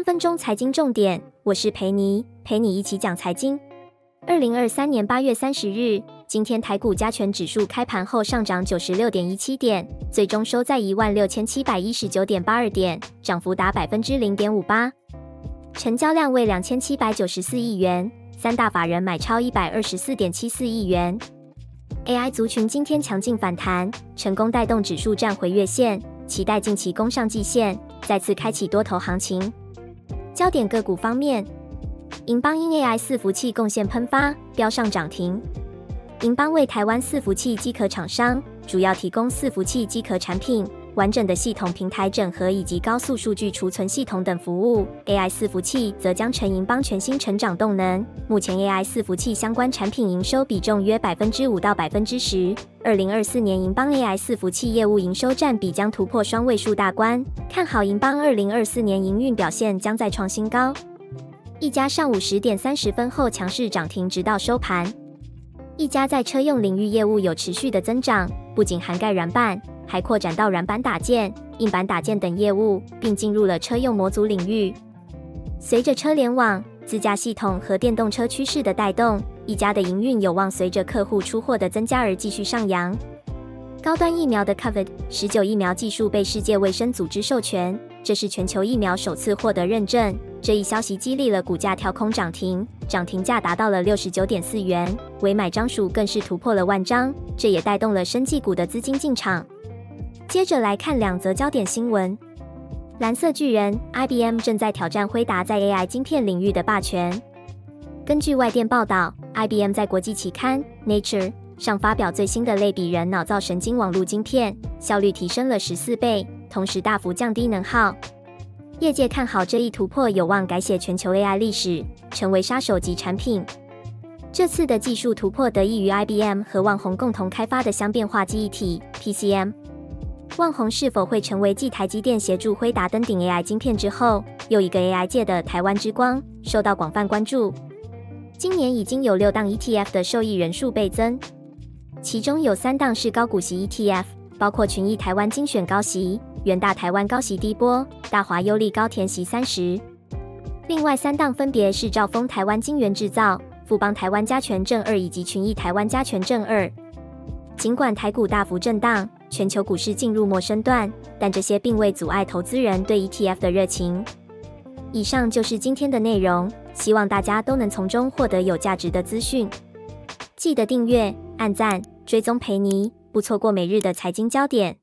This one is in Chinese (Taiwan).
三分鐘財經重點，我是裴妮，陪你一起講財經。二零二三年八月三十日，今天台股加權指數開盤後上漲九十六點一七點，最終收在一萬六千七百一十九點八二點，漲幅達百分之零點五八，成交量為兩千七百九十四億元，三大法人買超一百二十四點七四億元。AI 族群今天強勁反彈，成功帶動指數站回月線，期待近期攻上季線，再次開啟多頭行情。焦點個股方面，營邦因 AI 伺服器貢獻噴發，飆上漲停。營邦為台灣伺服器機殼廠商，主要提供伺服器機殼產品。完整的系統平台整合以及高速數據儲存系統等服務，AI 伺服器則將成營邦全新成長動能。目前 AI 伺服器相關產品營收比重約百分之五到百分之十，二零二四年營邦 AI 伺服器業務營收佔比將突破雙位數大關。看好營邦二零二四年營運表現將再創新高。毅嘉上午十點三十分後強勢漲停，直到收盤。毅嘉在車用領域業務有持續的增長，不僅涵蓋軟板。還擴展到軟板打件、硬板打件等業務，並進入了車用模組領域。隨着車聯網、自駕系統和電動車趨勢的帶動，毅嘉的營運有望隨着客戶出貨的增加而繼續上揚。高端疫苗的 COVID 十九疫苗技術被世界衛生組織授權，這是全球疫苗首次獲得認證。這一消息激勵了股價跳空漲停，漲停價達到了六十九點四元，委買張數更是突破了萬張，這也帶動了生技股的資金進場。接着來看兩則焦點新聞。藍色巨人 IBM 正在挑戰輝達在 AI 晶片領域的霸權。根據外電報道，IBM 在國際期刊 Nature 上發表最新的類比人腦造神經網絡晶片，效率提升了十四倍，同時大幅降低能耗。業界看好這一突破有望改寫全球 AI 歷史，成為殺手級產品。這次的技術突破得益於 IBM 和旺宏共同開發的相變化記憶體 PCM。PC 旺宏是否會成為繼台積電協助輝達登頂 AI 晶片之後，又一個 AI 界的台灣之光，受到廣泛關注？今年已經有六檔 ETF 的受益人數倍增，其中有三檔是高股息 ETF，包括群益台灣精選高息、元大台灣高息低波、大華優利高填息三十。另外三檔分別是兆豐台灣晶圓製造、富邦台灣加權正二以及群益台灣加權正二。儘管台股大幅震盪，全球股市進入末升段，但這些並未阻礙投資人對 ETF 的熱情。以上就是今天的內容，希望大家都能從中獲得有價值的資訊。記得訂閱、按贊、追蹤裴妮，不錯過每日的財經焦點。